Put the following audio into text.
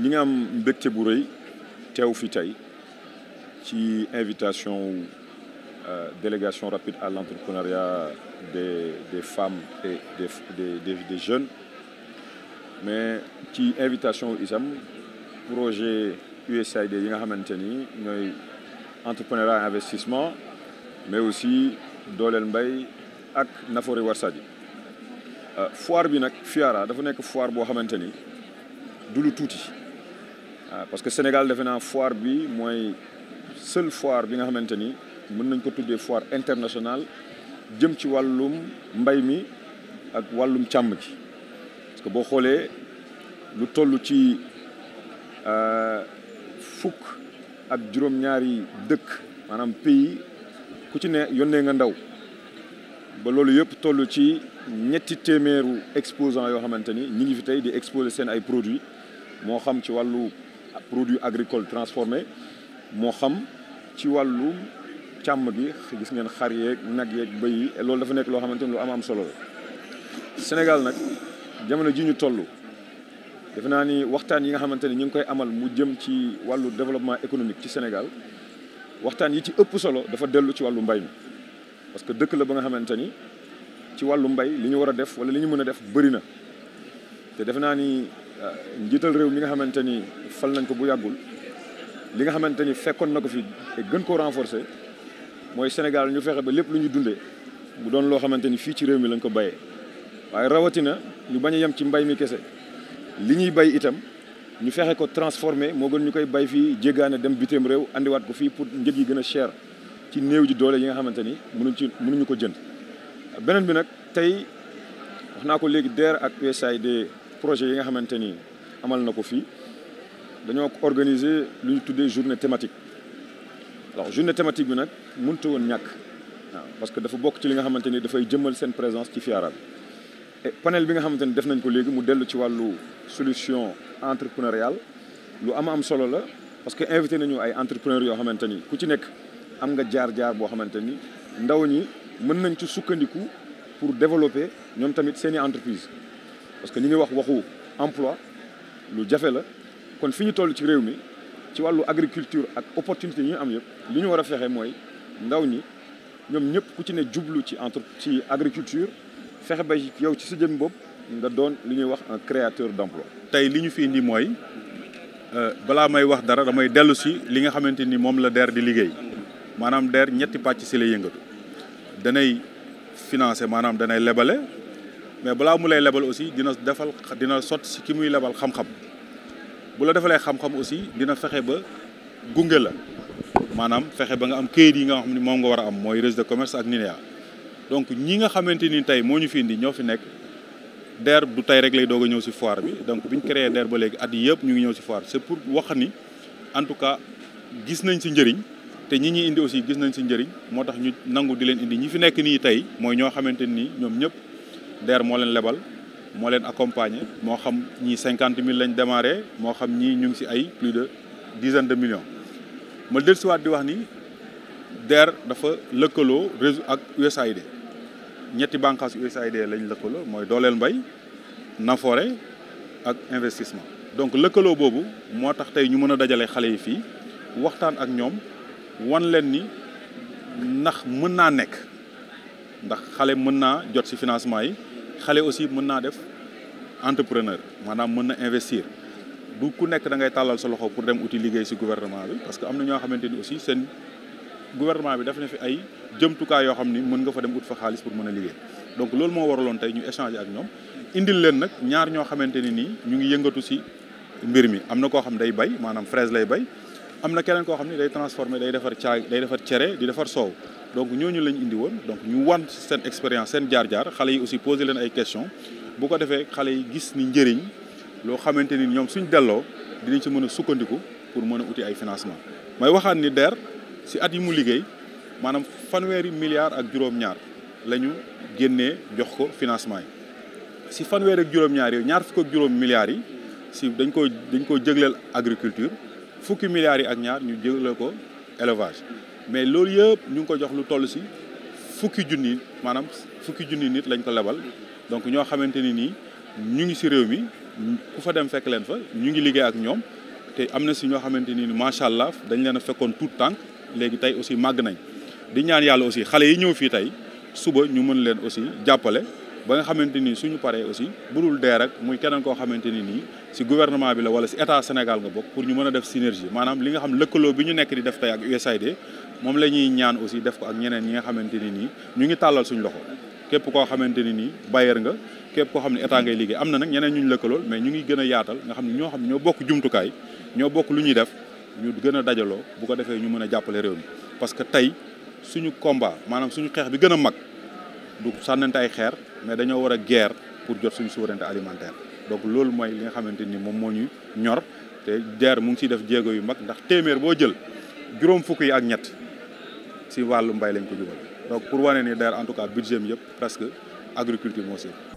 li nga am mbégte bu rëy teew fi tey ci invitation euh, délégation rapide à l'entrepreneuriat des des femmes et des jeunes mais ci invitation isam projet USAID yi nga xamante ni ñooy entrepreneuriat investissement mais aussi dooleel mbay ak Nafoore Warsaji euh, foire bi nag FIARA dafa nekk foire boo xamante ni du lu tuuti waaw euh, parce que Sénégal defe naa foire bi mooy sël foire bi nga xamante ni mën nañ ko tuddee foire international jëm ci wàllum mbay mi ak wàllum càmm ji parce que boo xoolee lu toll ci euh, fukk ak juróom-ñaari dëkk maanaam pays ku ci ne yónnee nga ndaw. ba loolu yëpp toll ci ñetti téeméeru exposant yoo xamante ni ñi ngi fi tey di exposer seen ay produits moo xam ci wàllu produit agricole transformé moo xam ci wàllu càmm gi gis ngeen xar yeeg nag yeeg bëy yi loolu dafa nekk loo xamante ni lu am am solo la Sénégal nag jamono ji ñu toll defe naa ni waxtaan yi nga xamante ni ñu ngi koy amal mu jëm ci wàllu développement économique ci Sénégal waxtaan yi ci ëpp solo dafa dellu ci wàllu mbay mi parce que dëkk la ba nga xamante ni ci wàllu mbay li ñu war a def wala li ñu mën a def bëri na te defe naa ni euh, njiital réew mi nga xamante ni fal nañ ko bu yàggul li nga xamante ni fekkoon na ko fi gën koo renforcer mooy Sénégal ñu fexe ba lépp lu ñu dundee bu doon loo xamante ni fii ci réew mi lañ ko bayee waaye rawatina ñu bañ a yem ci mbay mi kese li ñuy bay itam ñu fexe ko transformer moo gën ñu koy bay fii jéggaane dem bitim réew andiwaat ko fii pour njëg yi gën a cher. ci néew ji doole yi nga xamante ni mënuñ ci mënuñu ko jënd beneen bi nag tey wax naa ko léegi DER ak USAID projet yi nga xamante ni amal na ko fii dañoo organiser lu ñu tuddee journée thématique alors journée thématique bi nag mënut woon ñàkk waaw parce que dafa bokk ci li nga xamante ni dafay jëmmal seen présence ci FIARA bi panel bi nga xamante ni def nañ ko léegi mu dellu ci wàllu solution entrepreneuriale lu am am solo la parce que invité nañu ay entrepreneurs yoo xamante ni ku ci nekk am nga jaar-jaar boo xamante ni ndaw ñi mën nañ ci sukkandiku pour développer ñoom tamit seeni entreprise parce que ñu ngi wax waxu emploi lu jafe la kon fi ñu toll ci réew mi ci wàllu agriculture ak opportunité ñu am yëpp li ñu war a fexe mooy ndaw ñi ñoom ñëpp ku ci ne jublu ci entre ci agriculture fexe ba yow ci sa jëm bopp nga doon li ñuy wax un créateur d'emploi. tey li ñu fi indi mooy euh, balaa may wax dara damay dellu si li nga xamante ni moom la DER di liggéey. maanaam DER ñetti pàcc si lay yëngatu danay financer maanaam danay lebale mais balaa mu lay lebal aussi dina defal dina sot si ki muy lebal xam-xam bu la defalee xam-xam aussi dina fexe ba gunge la maanaam fexe ba nga am këyit yi nga xam ni moom nga war a am mooy registre de commerce ak ñi nga xamante ni tey moo ñu fii ndi ñoo fi nekk DER du tey rek lay doog a ñëw si foire bi donc bi ñu créé ba léegi at yii yëpp ñu ngi ñëw si foire c'est pour wax ni en tout cas gis nañ si njëriñ. te ñi ñuy indi aussi gis nañ si njëriñ moo tax ñu nangu di leen indi ñi fi nekk nii tey mooy ñoo xamante nii ñoom ñëpp DER moo leen lebal moo leen accompagner moo xam ñii cinquante mille lañ démarré moo xam ñii ñu ngi si ay plus de dizaine de millions ma dellusiwaat di wax ni DER dafa lëkkaloo réseau ak USAID ñetti bànqaas USAID lañ lëkkaloo mooy dooleel mbay Nafoore ak investissement donc lëkkaloo boobu moo tax tey ñu mën a dajale xale yi fii waxtaan ak ñoom wan leen ni ndax mën naa nekk ndax xale mën naa jot ci financement yi xale aussi mën naa def entrepreneur maanaam mën na investir du ku nekk da ngay tàllal sa loxo pour dem uti liggéey ci gouvernement bi parce que am na ñoo xamante ni aussi seen gouvernement bi def na fi ay jëmtukaay yoo xam ni mën nga fa dem uti fa xaalis pour mën a liggéey donc loolu moo waraloon tey ñu échanger ak ñoom indil leen nag ñaar ñoo xamante ni nii ñu ngi yëngatu ci mbir mi am na koo xam day bay maanaam fraise lay bay am na keneen koo xam ne day transformé day defar caay day defar cere di defar soow donc ñooñu lañ indi woon donc ñu wan seen expérience seen jaar-jaar xale yi aussi posé leen ay questions bu ko defee xale yi gis ni njëriñ loo xamante ni ñoom suñ delloo dinañ ci mën a sukkandiku pour mën uti ay financement may waxaat ni DER si at yi mu liggéey maanaam fanweeri milliards ak juróom-ñaar la ñu génnee jox ko financement yi si fanweer ak juróom-ñaar yooyu ñaar fukk ak juróom milliards yi si dañ ko dañ ko jëgleel agriculture fukki milliards yi ak ñaar ñu jëlee ko élevage mais loolu yëpp ñu ngi ko jox lu toll si fukki junni maanaam fukki junni nit lañ ko lebal donc ñoo xamante ni nii ñu ngi si réew mi ku fa dem fekk leen fa ñu ngi liggéey ak ñoom te am na si ñoo xamante ni macha allah dañ leen a fekkoon tout tànk léegi tey aussi màgg nañ di ñaan yàlla aussi xale yi ñëw fii tey suba ñu mën leen aussi jàppale. ba nga xamante ni suñu paree aussi budul dee rek muy keneen koo xamante ni nii si gouvernement bi la wala si état Sénégal nga bokk pour ñu mën a def synergie maanaam li nga xam lëkkaloo bi ñu nekk di def tey ak USAID moom la ñuy ñaan aussi def ko ak ñeneen ñi nga xamante ni nii ñu ngi tàllal suñu loxo képp koo xamante ni nii bailleur nga képp koo xam ne état ngay liggéey am na nag ñeneen ñu ñu lëkkalool mais ñu ngi gën a yaatal nga xam ne ñoo xam ne ñoo bokk jumtukaay ñoo bokk lu ñuy def ñu gën a dajaloo bu ko defee ñu mën a jàppale réew mi que tey suñu combat maanaam suñu xeex bi gën a mag du sànnante ay xeer mais dañoo war a guerre pour jot suñu souveraineté alimentaire donc loolu mooy li nga xamante ni moom moo ñu ñor te DER mu ngi siy def jéego yu mag ndax téeméer boo jël juróom fukk yi ak ñett si wàllu mbay lañ ko jubal donc pour wane ni DER en tout cas budget mi yëpp presque agriculture moo si